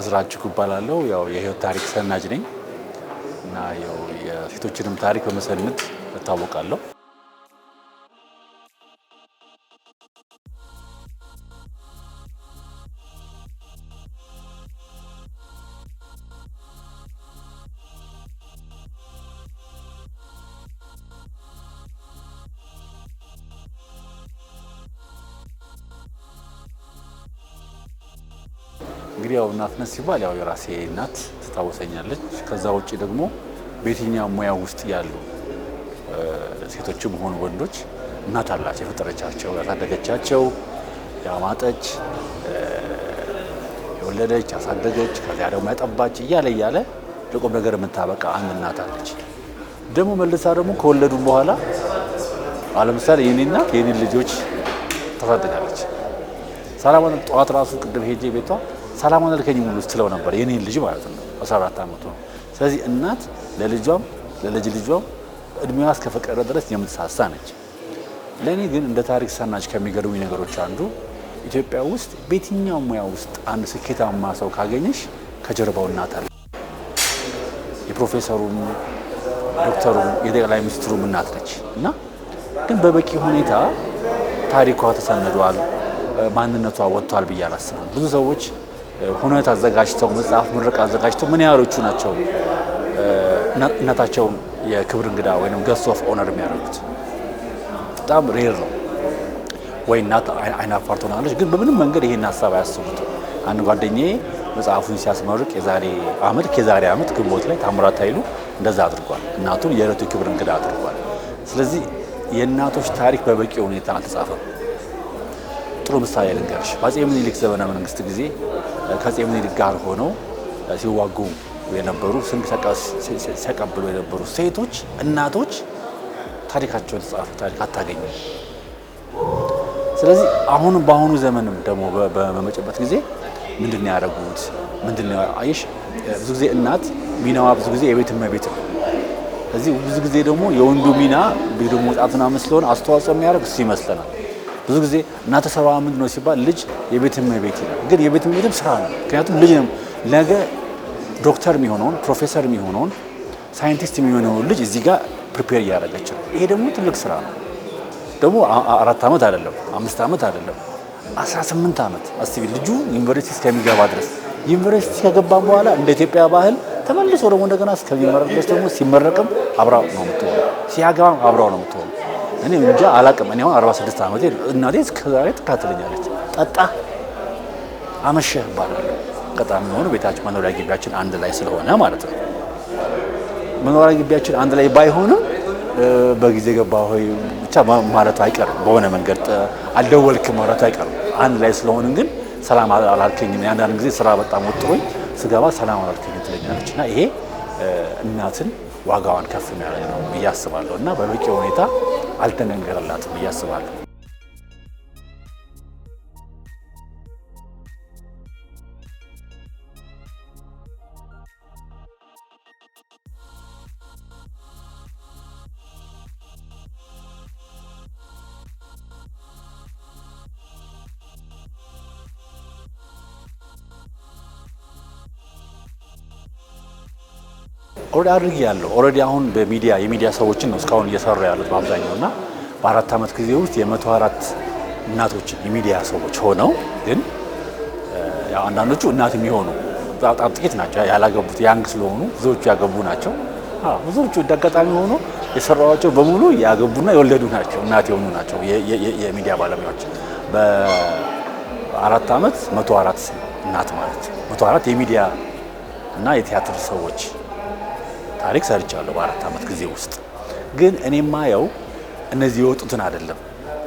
እዝራ እጅጉ እባላለሁ። ያው የህይወት ታሪክ ሰናጅ ነኝ እና የሴቶችንም ታሪክ በመሰነድ እታወቃለሁ። እንግዲህ ያው ነስ ሲባል ያው የራሴ እናት ትታወሰኛለች። ከዛ ውጭ ደግሞ በየትኛው ሙያ ውስጥ ያሉ ሴቶችም ሆኑ ወንዶች እናት አላቸው። የፈጠረቻቸው፣ ያሳደገቻቸው፣ ያማጠች፣ የወለደች፣ ያሳደገች ከዚያ ደግሞ ያጠባች እያለ እያለ ለቁም ነገር የምታበቃ አንድ እናት አለች። ደግሞ መልሳ ደግሞ ከወለዱም በኋላ አለምሳሌ የኔ እናት የኔን ልጆች ታሳድጋለች። ሰላማን ጠዋት ራሱ ቅድም ሄጄ ቤቷ ሰላሙን አልከኝ ሙሉ ስትለው ነበር የኔ ልጅ ማለት ነው በ14 ዓመቱ ነው። ስለዚህ እናት ለልጇም ለልጅ ልጇም እድሜዋ እስከፈቀደ ድረስ የምትሳሳ ነች። ለእኔ ግን እንደ ታሪክ ሰናጅ ከሚገርሙኝ ነገሮች አንዱ ኢትዮጵያ ውስጥ በየትኛው ሙያ ውስጥ አንድ ስኬታማ ሰው ካገኘሽ ከጀርባው እናት አለ። የፕሮፌሰሩም፣ ዶክተሩም፣ የጠቅላይ ሚኒስትሩም እናት ነች እና ግን በበቂ ሁኔታ ታሪኳ ተሰንዷል፣ ማንነቷ ወጥቷል ብዬ አላስብም ብዙ ሰዎች ሁነት አዘጋጅተው መጽሐፍ ምርቅ አዘጋጅተው ምን ያህሎቹ ናቸው እናታቸውን የክብር እንግዳ ወይም ገስት ኦፍ ኦነር የሚያደርጉት? በጣም ሬር ነው። ወይ እናት አይናፋር ትሆናለች፣ ግን በምንም መንገድ ይህን ሀሳብ አያስቡት። አንድ ጓደኛዬ መጽሐፉን ሲያስመርቅ የዛሬ አመት ከዛሬ አመት ግንቦት ላይ ታምራት ኃይሉ እንደዛ አድርጓል። እናቱን የዕለቱ ክብር እንግዳ አድርጓል። ስለዚህ የእናቶች ታሪክ በበቂ ሁኔታ አልተጻፈም። ጥሩ ምሳሌ ልንገርሽ። በአፄ ምኒልክ ዘመነ መንግስት ጊዜ ከአፄ ምኒልክ ጋር ሆነው ሲዋጉ የነበሩ ስንቅ ሲያቀብሉ የነበሩ ሴቶች፣ እናቶች ታሪካቸውን የተጻፈ ታሪክ አታገኝም። ስለዚህ አሁን በአሁኑ ዘመንም ደግሞ በመጨበት ጊዜ ምንድን ያደረጉት? ምንድን አይሽ፣ ብዙ ጊዜ እናት ሚናዋ ብዙ ጊዜ የቤት እመቤት ነው። ስለዚህ ብዙ ጊዜ ደግሞ የወንዱ ሚና ቤዶ መውጣትና ምስለሆን አስተዋጽኦ የሚያደርግ እሱ ይመስለናል። ብዙ ጊዜ እናንተ ስራዋ ምንድን ነው ሲባል ልጅ የቤት እመቤት ይላል። ግን የቤት እመቤትም ስራ ነው። ምክንያቱም ልጅ ነገ ዶክተር የሚሆነውን ፕሮፌሰር የሚሆነውን ሳይንቲስት የሚሆነውን ልጅ እዚህ ጋር ፕሪፔር እያደረገች ነው። ይሄ ደግሞ ትልቅ ስራ ነው። ደግሞ አራት ዓመት አይደለም፣ አምስት ዓመት አይደለም፣ 18 ዓመት አስቢ። ልጁ ዩኒቨርሲቲ እስከሚገባ ድረስ ዩኒቨርሲቲ ከገባ በኋላ እንደ ኢትዮጵያ ባህል ተመልሶ ደግሞ እንደገና እስከሚመረቅ ድረስ ደግሞ ሲመረቅም አብራው ነው የምትሆነው፣ ሲያገባም አብራው ነው እኔ እንጃ አላቅም። እኔ አሁን 46 ዓመቴ እናቴ እስከዛሬ ጠጣ እባላለሁ። ቤታችን መኖሪያ ግቢያችን አንድ ላይ ስለሆነ ማለት ነው። መኖሪያ ግቢያችን አንድ ላይ ባይሆንም በጊዜ ገባ ሆይ ብቻ አይቀርም። በሆነ መንገድ አይቀርም። አንድ ላይ ግን ሰላም አላልከኝም። አንዳንድ ጊዜ ስራ በጣም ወጥሮኝ ስገባ ሰላም አላልከኝ ትለኛለች እና ይሄ እናትን ዋጋዋን ከፍ የሚያደርግ ነው ብዬ አስባለሁ እና በበቂ ሁኔታ አልተነገረላትም ብዬ አስባለሁ። ኦልሬዲ አድርግ ያለው ኦልሬዲ አሁን በሚዲያ የሚዲያ ሰዎችን ነው እስካሁን እየሰሩ ያሉት በአብዛኛው እና በአራት ዓመት ጊዜ ውስጥ የመቶ አራት እናቶችን የሚዲያ ሰዎች ሆነው ግን አንዳንዶቹ እናት የሚሆኑ በጣም ጥቂት ናቸው ያላገቡት ያንግ ስለሆኑ ብዙዎቹ ያገቡ ናቸው። ብዙዎቹ እንዳጋጣሚ ሆኖ የሰራዋቸው በሙሉ ያገቡና የወለዱ ናቸው እናት የሆኑ ናቸው የሚዲያ ባለሙያዎች በአራት ዓመት መቶ አራት እናት ማለት መቶ አራት የሚዲያ እና የቲያትር ሰዎች ታሪክ ሰርቻለሁ በአራት ዓመት ጊዜ ውስጥ። ግን እኔ ማየው እነዚህ የወጡትን አይደለም፣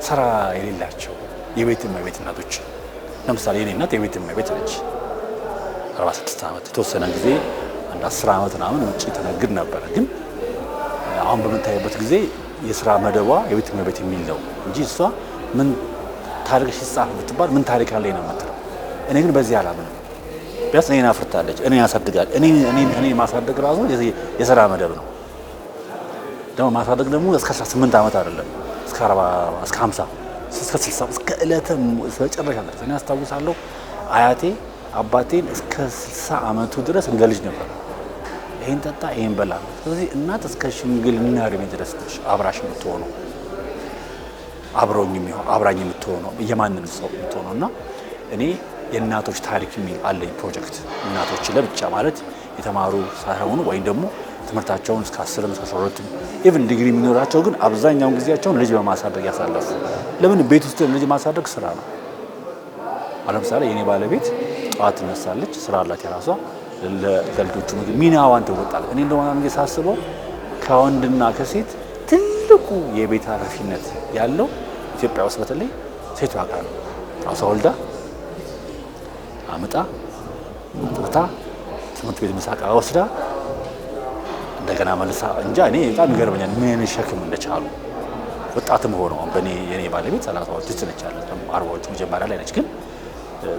ስራ የሌላቸው የቤት እመቤት እናቶች። ለምሳሌ እኔ እናት የቤት እመቤት ነች፣ 46 ዓመት። የተወሰነ ጊዜ አንድ 10 ዓመት ምናምን ውጭ ተነግድ ነበረ። ግን አሁን በምታይበት ጊዜ የስራ መደቧ የቤት እመቤት የሚል ነው እንጂ እሷ ምን ታሪክ ሲጻፍ ብትባል ምን ታሪክ አለኝ ነው የምትለው። እኔ ግን በዚህ አላምንም። ቢያንስ እኔን አፍርታለች፣ እኔን ያሳድጋል። እኔ ማሳደግ ራሱ የስራ መደብ ነው። ደግሞ ማሳደግ ደግሞ እስከ 18 ዓመት አይደለም፣ እስከ 40 እስከ 50 እስከ 60 እስከ ዕለተ መጨረሻ ድረስ እኔ አስታውሳለሁ። አያቴ አባቴን እስከ 60 ዓመቱ ድረስ እንደ ልጅ ነበር። ይሄን ጠጣ፣ ይሄን በላ። ስለዚህ እናት እስከ ሽምግልና እድሜ ድረስ ነች አብራሽ የምትሆነው አብሮኝ የሚሆን አብራኝ የምትሆነው የማንንም ሰው የምትሆነው እና እኔ የእናቶች ታሪክ የሚል አለኝ ፕሮጀክት እናቶች ለብቻ ማለት የተማሩ ሳይሆኑ ወይም ደግሞ ትምህርታቸውን እስከ አስር እስከ ሶሮትም ኢቭን ዲግሪ የሚኖራቸው ግን አብዛኛውን ጊዜያቸውን ልጅ በማሳደግ ያሳለፉ። ለምን ቤት ውስጥ ልጅ ማሳደግ ስራ ነው። ለምሳሌ የኔ ባለቤት ጠዋት ትነሳለች፣ ስራ አላት የራሷ ለልጆቹ ምግብ ሚናዋን ትወጣለች። እኔ እንደሆነ ሳስበው ከወንድና ከሴት ትልቁ የቤት ኃላፊነት ያለው ኢትዮጵያ ውስጥ በተለይ ሴቷ ጋር ነው። ራሷ ወልዳ አምጣ አጥርታ ትምህርት ቤት ምሳቃ ወስዳ እንደገና መልሳ እንጃ። እኔ በጣም ይገርመኛል ምን ሸክም እንደቻሉ ወጣትም ሆኖ በእኔ የኔ ባለቤት ሰላሳዎች ውስጥ ነች ያለች አርባዎቹ መጀመሪያ ላይ ነች፣ ግን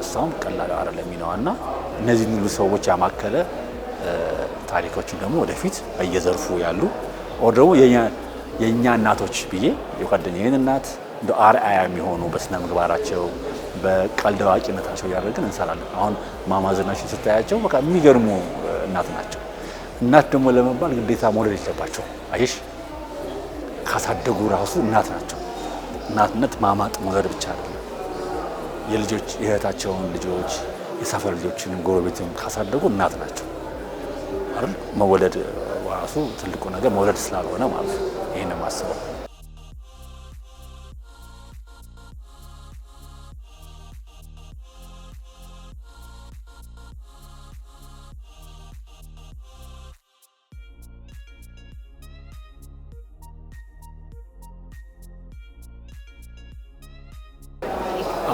እሷም ቀላል አረ ሚናዋ እና እነዚህ ሁሉ ሰዎች ያማከለ ታሪኮችን ደግሞ ወደፊት በየዘርፉ ያሉ ኦር ደግሞ የእኛ እናቶች ብዬ የጓደኛዬን እናት እንደ አርአያ የሚሆኑ በስነ ምግባራቸው በቀልድ አዋቂነታቸው እያደረግን እንሰራለን። አሁን ማማዝናሽ ስታያቸው በቃ የሚገርሙ እናት ናቸው። እናት ደግሞ ለመባል ግዴታ መውለድ የለባቸው። አይሽ ካሳደጉ ራሱ እናት ናቸው። እናትነት ማማጥ መውለድ ብቻ አይደለም። የልጆች የእህታቸውን ልጆች የሰፈር ልጆችንም ጎረቤትም ካሳደጉ እናት ናቸው አይደል? መወለድ ራሱ ትልቁ ነገር መውለድ ስላልሆነ ማለት ነው። ይህን ማስበው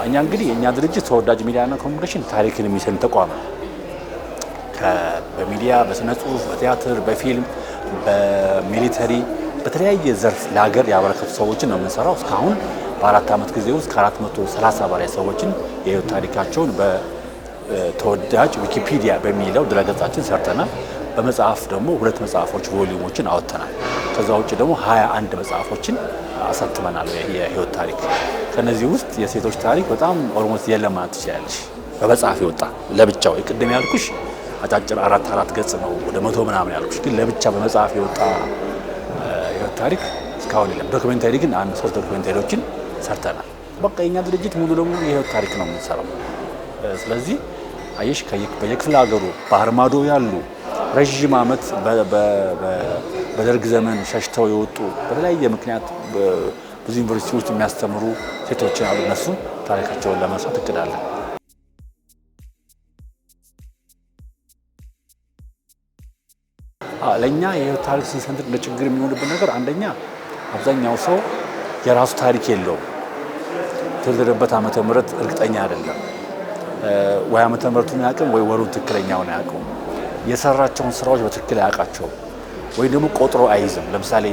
እኛ እንግዲህ የእኛ ድርጅት ተወዳጅ ሚዲያና ኮሚኒኬሽን ታሪክን የሚሰን ተቋም በሚዲያ በስነ ጽሁፍ፣ በቲያትር፣ በፊልም፣ በሚሊተሪ በተለያየ ዘርፍ ለሀገር ያበረከቱ ሰዎችን ነው የምንሰራው። እስካሁን በአራት ዓመት ጊዜ ውስጥ ከአራት መቶ ሰላሳ በላይ ሰዎችን የህይወት ታሪካቸውን በተወዳጅ ዊኪፒዲያ በሚለው ድረገጻችን ሰርተናል። በመጽሐፍ ደግሞ ሁለት መጽሐፎች ቮሊዩሞችን አወጥተናል። ከዛ ውጭ ደግሞ ሀያ አንድ መጽሐፎችን አሳትመናል የህይወት ታሪክ። ከነዚህ ውስጥ የሴቶች ታሪክ በጣም ኦልሞስት የለም ማለት ትችላለች። በመጽሐፍ የወጣ ለብቻው ቅድም ያልኩሽ አጫጭር አራት አራት ገጽ ነው ወደ መቶ ምናምን ያልኩሽ፣ ግን ለብቻ በመጽሐፍ የወጣ ህይወት ታሪክ እስካሁን የለም። ዶክሜንታሪ ግን አንድ ሶስት ዶክሜንታሪዎችን ሰርተናል። በቃ የኛ ድርጅት ሙሉ ለሙሉ የህይወት ታሪክ ነው የምንሰራው። ስለዚህ አየሽ በየክፍለ ሀገሩ ባህር ማዶ ያሉ ረዥም ዓመት በደርግ ዘመን ሸሽተው የወጡ በተለያየ ምክንያት ብዙ ዩኒቨርሲቲ ውስጥ የሚያስተምሩ ሴቶችን አሉ። እነሱም ታሪካቸውን ለማንሳት እቅዳለን። ለእኛ ታሪክ ስንሰንድ እንደ ችግር የሚሆንብን ነገር አንደኛ አብዛኛው ሰው የራሱ ታሪክ የለውም። የተወለደበት ዓመተ ምሕረት እርግጠኛ አይደለም ወይ ዓመተ ምሕረቱን አያውቅም ወይ ወሩን ትክክለኛውን አያውቅም። የሰራቸውን ስራዎች በትክክል አያውቃቸውም ወይም ደግሞ ቆጥሮ አይይዝም። ለምሳሌ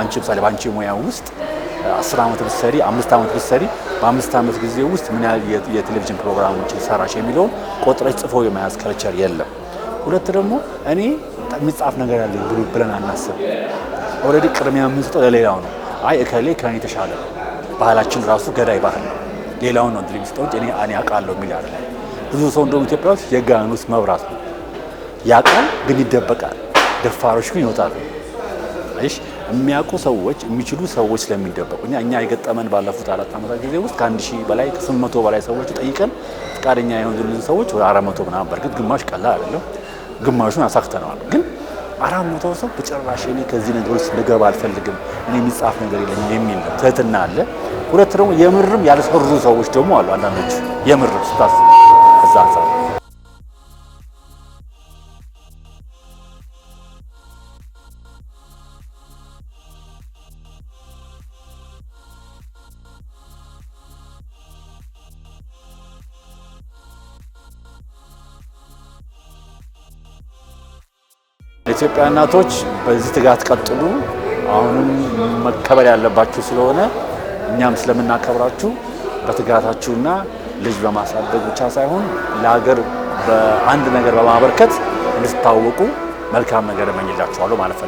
አንቺ ምሳሌ በአንቺ ሙያ ውስጥ አስር ዓመት ብትሰሪ አምስት ዓመት ብትሰሪ በአምስት ዓመት ጊዜ ውስጥ ምን ያህል የቴሌቪዥን ፕሮግራሞችን ሰራሽ የሚለውን ቆጥረሽ ጽፎ የመያዝ ከልቸር የለም። ሁለት ደግሞ እኔ የሚጻፍ ነገር ያለኝ ብሎ ብለን አናስብ። ኦልሬዲ ቅድሚያ የምንሰጠው ለሌላው ነው። አይ እከሌ ከኔ የተሻለ ባህላችን ራሱ ገዳይ ባህል ነው። ሌላውን ነው ድሪም ስጠውጭ እኔ አውቃለሁ የሚል አለ። ብዙ ሰው እንደውም ኢትዮጵያ ውስጥ የጋን ውስጥ መብራት ነው ያውቃል ግን ይደበቃል። ደፋሮች ግን ይወጣሉ። እሺ የሚያውቁ ሰዎች የሚችሉ ሰዎች ስለሚደበቁ እኛ እኛ የገጠመን ባለፉት አራት ዓመታት ጊዜ ውስጥ ከአንድ ሺህ በላይ ከስምንት መቶ በላይ ሰዎች ጠይቀን ፈቃደኛ የሆኑልን ሰዎች ወደ አራት መቶ ምናምን። በእርግጥ ግማሽ ቀላል አይደለም፣ ግማሹን አሳክተነዋል። ግን አራት መቶ ሰው በጭራሽ እኔ ከዚህ ነገር ውስጥ ልገባ አልፈልግም፣ እኔ የሚጻፍ ነገር የለም የሚል ነው። ትህትና አለ። ሁለት ደግሞ የምርም ያልሰሩ ሰዎች ደግሞ አሉ። አንዳንዶች የምርም ስታስብ እዛ አንጻር የኢትዮጵያ እናቶች በዚህ ትጋት ቀጥሉ፣ አሁንም መከበር ያለባችሁ ስለሆነ እኛም ስለምናከብራችሁ በትጋታችሁና ልጅ በማሳደግ ብቻ ሳይሆን ለሀገር በአንድ ነገር በማበርከት እንድትታወቁ መልካም ነገር እመኝላችኋለሁ ማለት ነው።